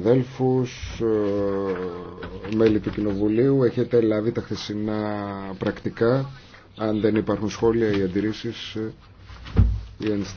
συναδέλφους, ε, μέλη του Κοινοβουλίου. Έχετε λάβει τα χθεσινά πρακτικά. Αν δεν υπάρχουν σχόλια ή αντιρρήσεις, ε, η αντιρρησεις